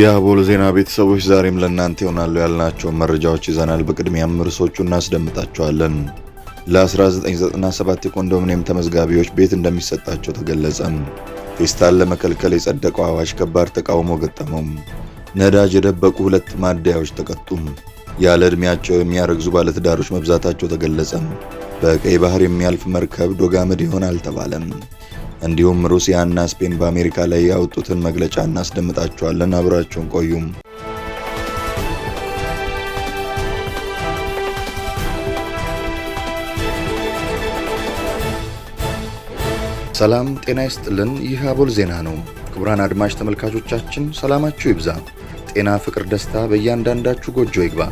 የአቦል ዜና ቤተሰቦች ዛሬም ለእናንተ ይሆናሉ ያልናቸውን መረጃዎች ይዘናል። በቅድሚያም ርዕሶቹ እናስደምጣቸዋለን። ለ1997 የኮንዶሚኒየም ተመዝጋቢዎች ቤት እንደሚሰጣቸው ተገለጸም። ፌስታል ለመከልከል የጸደቀው አዋጅ ከባድ ተቃውሞ ገጠመው። ነዳጅ የደበቁ ሁለት ማደያዎች ተቀጡም። ያለ ዕድሜያቸው የሚያረግዙ ባለትዳሮች መብዛታቸው ተገለጸም። በቀይ ባህር የሚያልፍ መርከብ ዶጋምድ አመድ ይሆናል ተባለም። እንዲሁም ሩሲያና ስፔን በአሜሪካ ላይ ያወጡትን መግለጫ እናስደምጣችኋለን። አብራችሁን ቆዩም። ሰላም ጤና ይስጥልን። ይህ አቦል ዜና ነው። ክቡራን አድማጭ ተመልካቾቻችን ሰላማችሁ ይብዛ፣ ጤና፣ ፍቅር፣ ደስታ በእያንዳንዳችሁ ጎጆ ይግባ።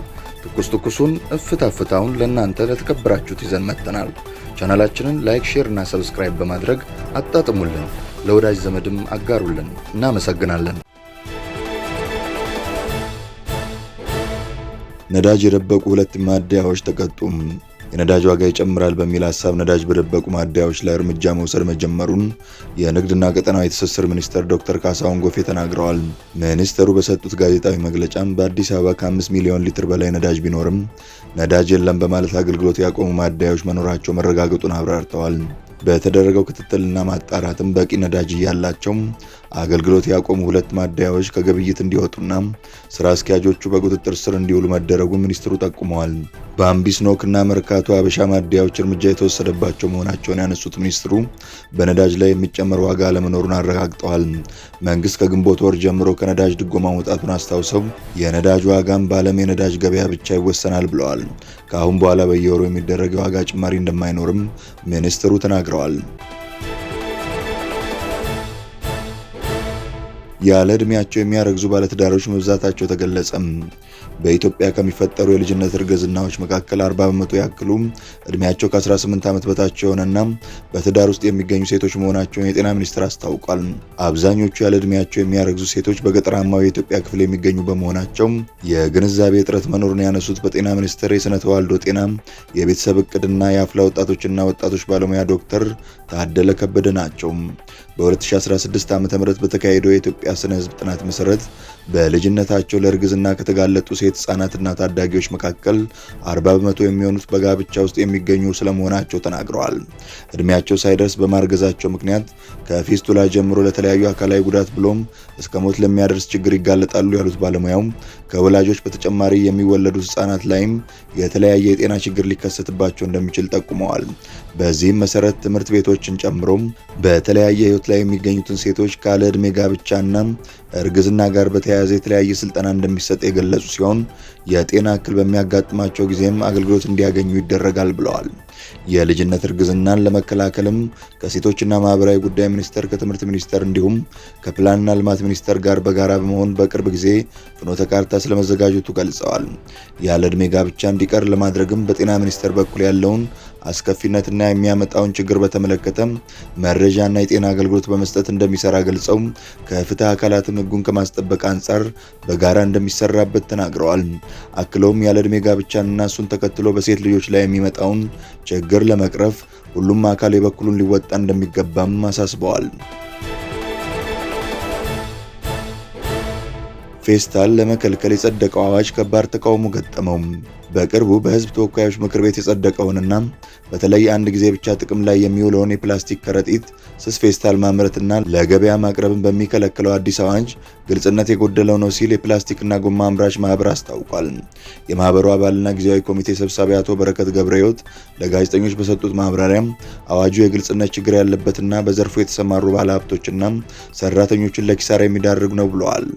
ትኩስ ትኩሱን እፍታ ፍታውን ለእናንተ ለተከበራችሁት ይዘን መጥተናል። ቻናላችንን ላይክ፣ ሼር እና ሰብስክራይብ በማድረግ አጣጥሙልን፣ ለወዳጅ ዘመድም አጋሩልን። እናመሰግናለን። ነዳጅ የደበቁ ሁለት ማደያዎች ተቀጡም። የነዳጅ ዋጋ ይጨምራል በሚል ሀሳብ ነዳጅ በደበቁ ማደያዎች ላይ እርምጃ መውሰድ መጀመሩን የንግድና ቀጠናዊ ትስስር ሚኒስትር ዶክተር ካሳሁን ጎፌ ተናግረዋል። ሚኒስትሩ በሰጡት ጋዜጣዊ መግለጫም በአዲስ አበባ ከ5 ሚሊዮን ሊትር በላይ ነዳጅ ቢኖርም ነዳጅ የለም በማለት አገልግሎት ያቆሙ ማደያዎች መኖራቸው መረጋገጡን አብራርተዋል። በተደረገው ክትትልና ማጣራትም በቂ ነዳጅ እያላቸው አገልግሎት ያቆሙ ሁለት ማደያዎች ከግብይት እንዲወጡና ስራ አስኪያጆቹ በቁጥጥር ስር እንዲውሉ መደረጉ ሚኒስትሩ ጠቁመዋል። በአምቢስ እና መርካቶ አበሻ ማደያዎች እርምጃ የተወሰደባቸው መሆናቸውን ያነሱት ሚኒስትሩ በነዳጅ ላይ የሚጨመር ዋጋ አለመኖሩን አረጋግጠዋል። መንግስት ከግንቦት ወር ጀምሮ ከነዳጅ ድጎማ መውጣቱን አስታውሰው የነዳጅ ዋጋም በዓለም የነዳጅ ገበያ ብቻ ይወሰናል ብለዋል። ከአሁን በኋላ በየወሩ የሚደረግ የዋጋ ጭማሪ እንደማይኖርም ሚኒስትሩ ተናግረዋል። ያለ ዕድሜያቸው የሚያረግዙ ባለትዳሮች መብዛታቸው ተገለጸም። በኢትዮጵያ ከሚፈጠሩ የልጅነት እርግዝናዎች መካከል 40 በመቶ ያክሉ እድሜያቸው ከ18 ዓመት በታች የሆነና በትዳር ውስጥ የሚገኙ ሴቶች መሆናቸውን የጤና ሚኒስቴር አስታውቋል። አብዛኞቹ ያለ ዕድሜያቸው የሚያረግዙ ሴቶች በገጠራማው የኢትዮጵያ ክፍል የሚገኙ በመሆናቸው የግንዛቤ እጥረት መኖሩን ያነሱት በጤና ሚኒስቴር የስነ ተዋልዶ ጤና የቤተሰብ እቅድና የአፍላ ወጣቶችና ወጣቶች ባለሙያ ዶክተር ታደለ ከበደ ናቸው። በ2016 ዓ ም በተካሄደው የኢትዮጵያ ስነ ህዝብ ጥናት መሰረት በልጅነታቸው ለእርግዝና ከተጋለጡ ሴት ህጻናትና ታዳጊዎች መካከል 40 በመቶ የሚሆኑት በጋብቻ ውስጥ የሚገኙ ስለመሆናቸው ተናግረዋል። እድሜያቸው ሳይደርስ በማርገዛቸው ምክንያት ከፊስቱላ ጀምሮ ለተለያዩ አካላዊ ጉዳት ብሎም እስከ ሞት ለሚያደርስ ችግር ይጋለጣሉ ያሉት ባለሙያው ከወላጆች በተጨማሪ የሚወለዱት ህጻናት ላይም የተለያየ የጤና ችግር ሊከሰትባቸው እንደሚችል ጠቁመዋል። በዚህም መሰረት ትምህርት ቤቶችን ጨምሮም በተለያየ በሂደት ላይ የሚገኙትን ሴቶች ካለ ዕድሜ ጋብቻና እርግዝና ጋር በተያያዘ የተለያየ ስልጠና እንደሚሰጥ የገለጹ ሲሆን የጤና እክል በሚያጋጥማቸው ጊዜም አገልግሎት እንዲያገኙ ይደረጋል ብለዋል። የልጅነት እርግዝናን ለመከላከልም ከሴቶችና ማህበራዊ ጉዳይ ሚኒስቴር፣ ከትምህርት ሚኒስቴር እንዲሁም ከፕላንና ልማት ሚኒስቴር ጋር በጋራ በመሆን በቅርብ ጊዜ ፍኖተ ካርታ ስለመዘጋጀቱ ገልጸዋል። ያለ ዕድሜ ጋብቻ እንዲቀር ለማድረግም በጤና ሚኒስቴር በኩል ያለውን አስከፊነትና የሚያመጣውን ችግር በተመለከተ መረጃና የጤና አገልግሎት በመስጠት እንደሚሰራ ገልጸው ከፍትህ አካላትም ህጉን ከማስጠበቅ አንጻር በጋራ እንደሚሰራበት ተናግረዋል። አክለውም ያለ ዕድሜ ጋብቻንና እሱን ተከትሎ በሴት ልጆች ላይ የሚመጣውን ችግር ለመቅረፍ ሁሉም አካል የበኩሉን ሊወጣ እንደሚገባም አሳስበዋል። ፌስታል ለመከልከል የጸደቀው አዋጅ ከባድ ተቃውሞ ገጠመው። በቅርቡ በህዝብ ተወካዮች ምክር ቤት የጸደቀውንና በተለይ አንድ ጊዜ ብቻ ጥቅም ላይ የሚውለውን የፕላስቲክ ከረጢት፣ ስስ ፌስታል ማምረትና ለገበያ ማቅረብን በሚከለክለው አዲስ አዋጅ ግልጽነት የጎደለው ነው ሲል የፕላስቲክና ጎማ አምራች ማህበር አስታውቋል። የማህበሩ አባልና ጊዜያዊ ኮሚቴ ሰብሳቢ አቶ በረከት ገብረህይወት ለጋዜጠኞች በሰጡት ማብራሪያም አዋጁ የግልጽነት ችግር ያለበትና በዘርፉ የተሰማሩ ባለሀብቶችና ሰራተኞችን ለኪሳራ የሚዳርግ ነው ብለዋል።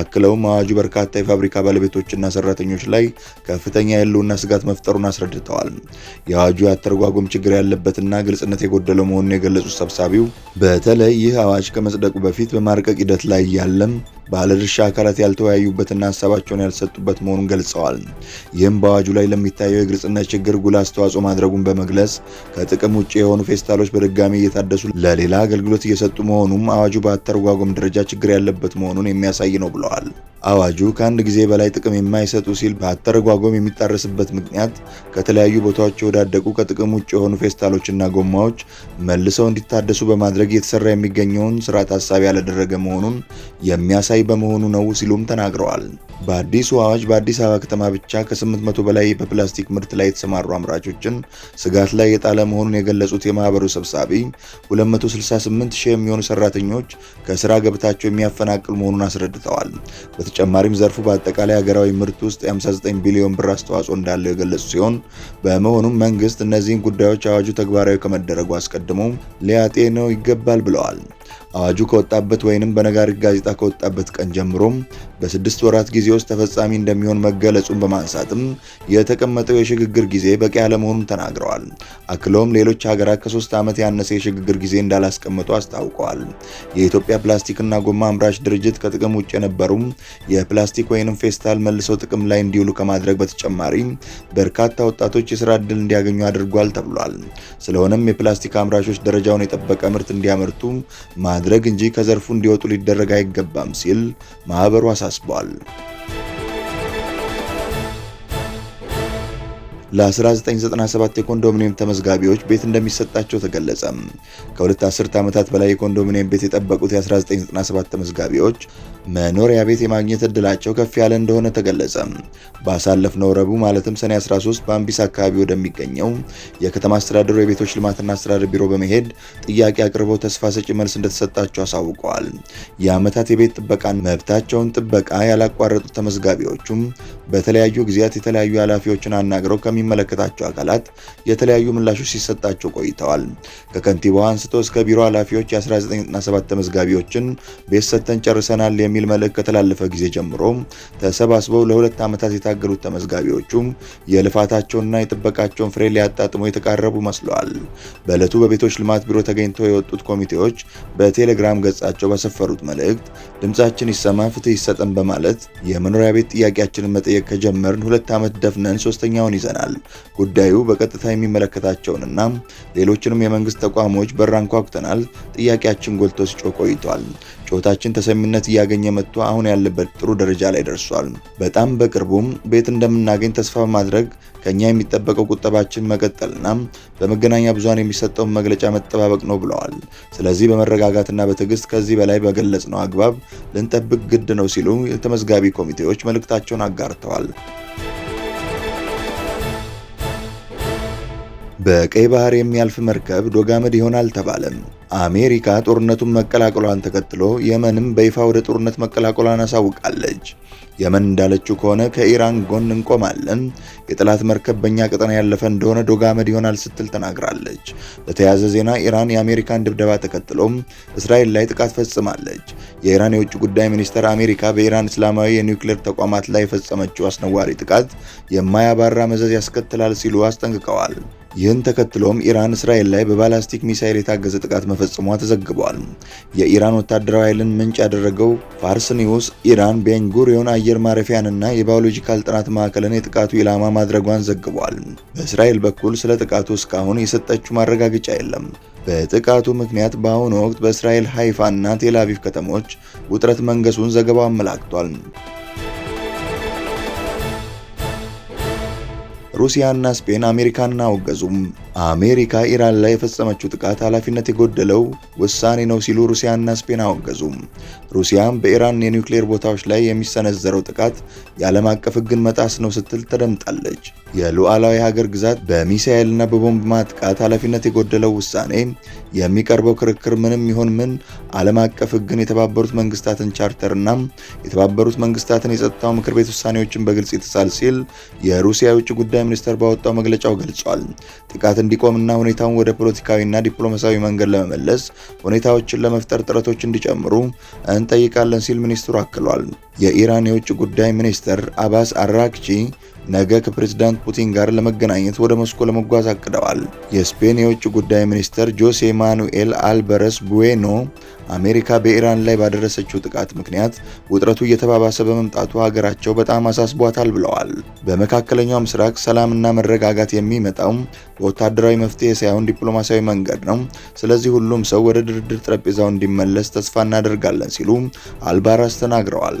አክለውም አዋጁ በርካታ የፋብሪካ ባለቤቶችና ሰራተኞች ላይ ከፍተኛ የህልውና ስጋት መፍጠሩን አስረድተዋል። የአዋጁ የአተረጓጎም ችግር ያለበትና ግልጽነት የጎደለው መሆኑን የገለጹት ሰብሳቢው በተለይ ይህ አዋጅ ከመጽደቁ በፊት በማርቀቅ ሂደት ላይ ያለም ባለድርሻ አካላት ያልተወያዩበትና ሀሳባቸውን ያልሰጡበት መሆኑን ገልጸዋል። ይህም በአዋጁ ላይ ለሚታየው የግልጽነት ችግር ጉል አስተዋጽኦ ማድረጉን በመግለጽ ከጥቅም ውጭ የሆኑ ፌስታሎች በድጋሚ እየታደሱ ለሌላ አገልግሎት እየሰጡ መሆኑም አዋጁ በአተረጓጎም ደረጃ ችግር ያለበት መሆኑን የሚያሳይ ነው ብለዋል። አዋጁ ከአንድ ጊዜ በላይ ጥቅም የማይሰጡ ሲል በአተረጓጎም የሚጣረስበት ምክንያት ከተለያዩ ቦታዎች የወዳደቁ ከጥቅም ውጭ የሆኑ ፌስታሎችና ጎማዎች መልሰው እንዲታደሱ በማድረግ እየተሰራ የሚገኘውን ስራ ታሳቢ ያላደረገ መሆኑን የሚያሳይ ተመሳሳይ በመሆኑ ነው ሲሉም ተናግረዋል። በአዲሱ አዋጅ በአዲስ አበባ ከተማ ብቻ ከ800 በላይ በፕላስቲክ ምርት ላይ የተሰማሩ አምራቾችን ስጋት ላይ የጣለ መሆኑን የገለጹት የማህበሩ ሰብሳቢ 268 ሺህ የሚሆኑ ሰራተኞች ከስራ ገብታቸው የሚያፈናቅል መሆኑን አስረድተዋል። በተጨማሪም ዘርፉ በአጠቃላይ ሀገራዊ ምርት ውስጥ የ59 ቢሊዮን ብር አስተዋጽኦ እንዳለው የገለጹ ሲሆን በመሆኑም መንግስት እነዚህን ጉዳዮች አዋጁ ተግባራዊ ከመደረጉ አስቀድሞ ሊያጤነው ይገባል ብለዋል። አዋጁ ከወጣበት ወይንም በነጋሪት ጋዜጣ ከወጣበት ቀን ጀምሮም በስድስት ወራት ጊዜ ውስጥ ተፈጻሚ እንደሚሆን መገለጹን በማንሳትም የተቀመጠው የሽግግር ጊዜ በቂ አለመሆኑን ተናግረዋል። አክለውም ሌሎች ሀገራት ከሶስት ዓመት ያነሰ የሽግግር ጊዜ እንዳላስቀመጡ አስታውቀዋል። የኢትዮጵያ ፕላስቲክና ጎማ አምራች ድርጅት ከጥቅም ውጭ የነበሩም የፕላስቲክ ወይንም ፌስታል መልሰው ጥቅም ላይ እንዲውሉ ከማድረግ በተጨማሪ በርካታ ወጣቶች የስራ እድል እንዲያገኙ አድርጓል ተብሏል። ስለሆነም የፕላስቲክ አምራቾች ደረጃውን የጠበቀ ምርት እንዲያመርቱ ማድረግ እንጂ ከዘርፉ እንዲወጡ ሊደረግ አይገባም ሲል ማህበሩ አሳስቧል። ለ1997 የኮንዶሚኒየም ተመዝጋቢዎች ቤት እንደሚሰጣቸው ተገለጸ። ከሁለት አስርት ዓመታት በላይ የኮንዶሚኒየም ቤት የጠበቁት የ1997 ተመዝጋቢዎች መኖሪያ ቤት የማግኘት እድላቸው ከፍ ያለ እንደሆነ ተገለጸ። ባሳለፍነው ረቡዕ ማለትም ሰኔ 13 በአምቢስ አካባቢ ወደሚገኘው የከተማ አስተዳደሩ የቤቶች ልማትና አስተዳደር ቢሮ በመሄድ ጥያቄ አቅርበው ተስፋ ሰጪ መልስ እንደተሰጣቸው አሳውቀዋል። የዓመታት የቤት ጥበቃን መብታቸውን ጥበቃ ያላቋረጡት ተመዝጋቢዎቹም በተለያዩ ጊዜያት የተለያዩ ኃላፊዎችን አናግረው ከሚ ከሚመለከታቸው አካላት የተለያዩ ምላሾች ሲሰጣቸው ቆይተዋል። ከከንቲባዋ አንስቶ እስከ ቢሮ ኃላፊዎች የ1997 ተመዝጋቢዎችን ቤት ሰጥተን ጨርሰናል የሚል መልእክት ከተላለፈ ጊዜ ጀምሮ ተሰባስበው ለሁለት ዓመታት የታገሉት ተመዝጋቢዎቹ የልፋታቸውንና የጥበቃቸውን ፍሬ ሊያጣጥሙ የተቃረቡ መስለዋል። በዕለቱ በቤቶች ልማት ቢሮ ተገኝተው የወጡት ኮሚቴዎች በቴሌግራም ገጻቸው በሰፈሩት መልእክት ድምጻችን ይሰማ፣ ፍትህ ይሰጠን በማለት የመኖሪያ ቤት ጥያቄያችንን መጠየቅ ከጀመርን ሁለት ዓመት ደፍነን ሶስተኛውን ይዘናል። ጉዳዩ በቀጥታ የሚመለከታቸውንና ሌሎችንም የመንግስት ተቋሞች በር አንኳኩተናል። ጥያቄያችን ጎልቶ ሲጮህ ቆይቷል። ጩኸታችን ተሰሚነት እያገኘ መጥቶ አሁን ያለበት ጥሩ ደረጃ ላይ ደርሷል። በጣም በቅርቡም ቤት እንደምናገኝ ተስፋ በማድረግ ከኛ የሚጠበቀው ቁጠባችን መቀጠልና በመገናኛ ብዙሃን የሚሰጠውን መግለጫ መጠባበቅ ነው ብለዋል። ስለዚህ በመረጋጋትና በትዕግስት ከዚህ በላይ በገለጽ ነው አግባብ ልንጠብቅ ግድ ነው ሲሉ የተመዝጋቢ ኮሚቴዎች መልእክታቸውን አጋርተዋል። በቀይ ባህር የሚያልፍ መርከብ ዶጋመድ ይሆናል ተባለም። አሜሪካ ጦርነቱን መቀላቀሏን ተከትሎ የመንም በይፋ ወደ ጦርነት መቀላቀሏን አሳውቃለች። የመን እንዳለችው ከሆነ ከኢራን ጎን እንቆማለን፣ የጠላት መርከብ በእኛ ቀጠና ያለፈ እንደሆነ ዶጋመድ ይሆናል ስትል ተናግራለች። በተያያዘ ዜና ኢራን የአሜሪካን ድብደባ ተከትሎም እስራኤል ላይ ጥቃት ፈጽማለች። የኢራን የውጭ ጉዳይ ሚኒስተር አሜሪካ በኢራን እስላማዊ የኒውክሌር ተቋማት ላይ የፈጸመችው አስነዋሪ ጥቃት የማያባራ መዘዝ ያስከትላል ሲሉ አስጠንቅቀዋል። ይህን ተከትሎም ኢራን እስራኤል ላይ በባላስቲክ ሚሳይል የታገዘ ጥቃት መፈጸሟ ተዘግቧል። የኢራን ወታደራዊ ኃይልን ምንጭ ያደረገው ፋርስ ኒውስ ኢራን ቤንጉሪዮን አየር ማረፊያንና የባዮሎጂካል ጥናት ማዕከልን የጥቃቱ ኢላማ ማድረጓን ዘግቧል። በእስራኤል በኩል ስለ ጥቃቱ እስካሁን የሰጠችው ማረጋገጫ የለም። በጥቃቱ ምክንያት በአሁኑ ወቅት በእስራኤል ሃይፋ እና ቴልአቪቭ ከተሞች ውጥረት መንገሱን ዘገባው አመላክቷል። ሩሲያና ስፔን አሜሪካን አወገዙም። አሜሪካ ኢራን ላይ የፈጸመችው ጥቃት ኃላፊነት የጎደለው ውሳኔ ነው ሲሉ ሩሲያና ስፔን አወገዙም። ሩሲያም በኢራን የኒውክሌር ቦታዎች ላይ የሚሰነዘረው ጥቃት የዓለም አቀፍ ሕግን መጣስ ነው ስትል ተደምጣለች። የሉዓላዊ ሀገር ግዛት በሚሳኤልና በቦምብ ማጥቃት ኃላፊነት የጎደለው ውሳኔ የሚቀርበው ክርክር ምንም ይሁን ምን ዓለም አቀፍ ሕግን የተባበሩት መንግስታትን ቻርተርና የተባበሩት መንግስታትን የጸጥታው ምክር ቤት ውሳኔዎችን በግልጽ ይጥሳል ሲል የሩሲያ የውጭ ጉዳይ ሚኒስቴር ባወጣው መግለጫው ገልጿል። ጥቃት እንዲቆምና ሁኔታውን ወደ ፖለቲካዊና ዲፕሎማሲያዊ መንገድ ለመመለስ ሁኔታዎችን ለመፍጠር ጥረቶች እንዲጨምሩ እንጠይቃለን ሲል ሚኒስትሩ አክሏል። የኢራን የውጭ ጉዳይ ሚኒስትር አባስ አራግቺ ነገ ከፕሬዝዳንት ፑቲን ጋር ለመገናኘት ወደ ሞስኮ ለመጓዝ አቅደዋል። የስፔን የውጭ ጉዳይ ሚኒስትር ጆሴ ማኑኤል አልበረስ ቡዌኖ አሜሪካ በኢራን ላይ ባደረሰችው ጥቃት ምክንያት ውጥረቱ እየተባባሰ በመምጣቱ ሀገራቸው በጣም አሳስቧታል ብለዋል። በመካከለኛው ምስራቅ ሰላምና መረጋጋት የሚመጣው በወታደራዊ መፍትሄ ሳይሆን ዲፕሎማሲያዊ መንገድ ነው። ስለዚህ ሁሉም ሰው ወደ ድርድር ጠረጴዛው እንዲመለስ ተስፋ እናደርጋለን ሲሉ አልባራስ ተናግረዋል።